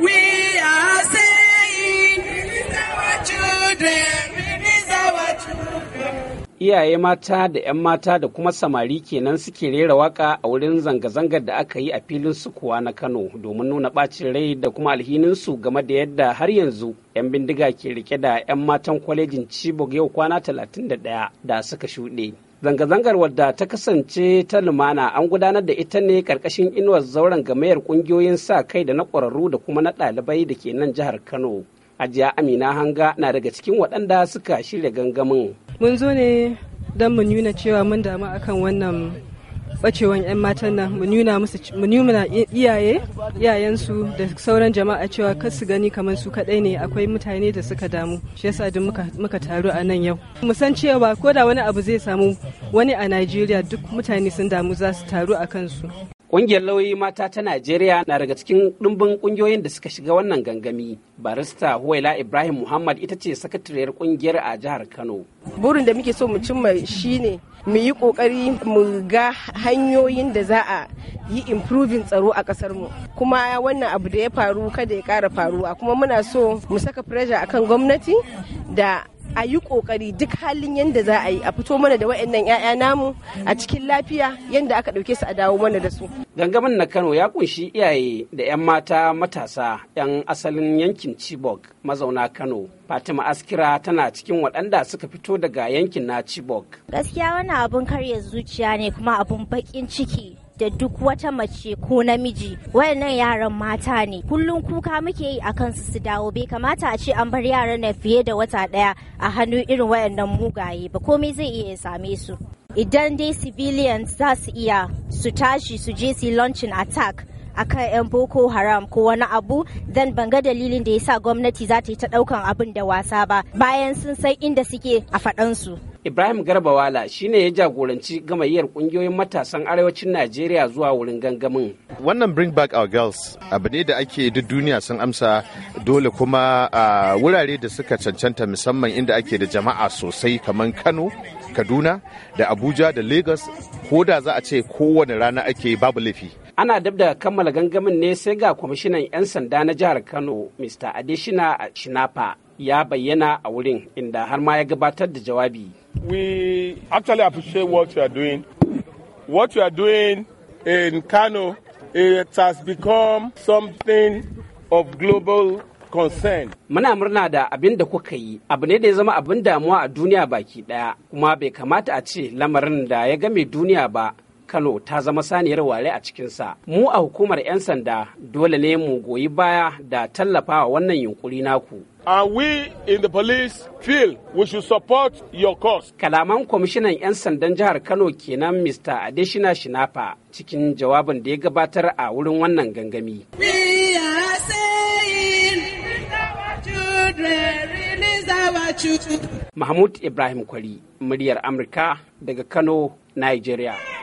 We are saying, release our children. iyaye mata da 'yan mata da kuma samari kenan suke rera waka a wurin zanga-zangar da aka yi a filin sukuwa na kano domin nuna bacin rai da kuma alhininsu game da yadda har yanzu 'yan bindiga ke rike da 'yan matan kwalejin chibok yau kwana 31 da suka shuɗe zanga-zangar wadda ta kasance ta lumana an gudanar da ita ne karkashin inuwar zauren gamayar kungiyoyin sa kai da na ƙwararru da kuma na ɗalibai da ke nan jihar kano ajiya amina hanga na daga cikin waɗanda suka shirya gangamin mun zo ne don mu nuna cewa mun damu akan wannan bacewan 'yan matan nan mu nuna musu mu nuna iyaye iyayensu da sauran jama'a cewa kar su gani kamar su kadai ne akwai mutane da suka damu shi yasa duk muka muka taru a nan yau mu san cewa ko da wani abu zai samu wani a Najeriya duk mutane sun damu za su taru a kansu Ƙungiyar lauyoyi mata ta Najeriya na daga cikin ɗumbin ƙungiyoyin da suka shiga wannan gangami. Barista Huwaila Ibrahim Muhammad ita ce sakatariyar ƙungiyar a jihar Kano. Burin da muke so mu cimma shi ne mu yi ƙoƙari mu ga hanyoyin da za a yi improving tsaro a ƙasar mu. Kuma wannan abu da ya faru kada ya ƙara faruwa. Kuma muna so mu saka pressure akan gwamnati da a yi kokari duk halin yadda za a yi a fito mana da wa'annan 'ya'ya namu a cikin lafiya yadda aka ɗauke su a dawo mana da su. Gangamin na Kano ya kunshi iyaye da 'yan mata matasa 'yan asalin yankin Chibok mazauna Kano. Fatima Askira tana cikin waɗanda suka fito daga yankin na Chibok. Gaskiya wani abun karya zuciya ne kuma abun baƙin ciki. da duk wata mace ko namiji wayannan yaran mata ne kullum kuka muke yi akan su su dawo bai kamata a ce an bar yaran na fiye da wata daya a hannu irin wayannan mugaye ba komai zai iya same su idan dai civilians za su iya su tashi su je su launching attack akan 'yan boko haram ko wani abu zan banga dalilin da yasa gwamnati za ta yi ta daukan abin da wasa ba bayan sun san inda suke a faɗansu. Ibrahim Garbawala shine ya jagoranci gamayyar kungiyoyin matasan arewacin Najeriya zuwa wurin gangamin. Wannan Bring Back Our Girls abu ne da ake duk duniya sun amsa dole kuma a wurare da suka cancanta musamman inda ake da jama'a sosai kamar Kano, Kaduna, da Abuja da Lagos ko da za a ce kowane rana ake babu laifi. Ana dab da kammala gangamin ne sai ga kwamishinan 'yan sanda na jihar Kano, Mr. Adeshina shinapa ya bayyana a wurin inda har ma ya gabatar da jawabi. We actually appreciate what you are doing. What you are doing in Kano, it has become something of global concern. Muna murna da abin da kuka yi, abu ne da ya zama abin damuwa a duniya baki daya, kuma bai kamata a ce lamarin da ya game duniya ba Kano ta zama saniyar ware a cikinsa. Mu a hukumar 'yan sanda dole ne mu goyi baya da tallafawa wannan yunkuri naku. and we in the police feel we should support your cause. Kalaman kwamishinan 'yan sandan jihar Kano kenan Mr. Adeshina Shinafa cikin jawabin da ya gabatar a wurin wannan gangami. We are saying, our children, release our children. Mahmud Ibrahim Kwari, muryar Amurka daga Kano, Nigeria.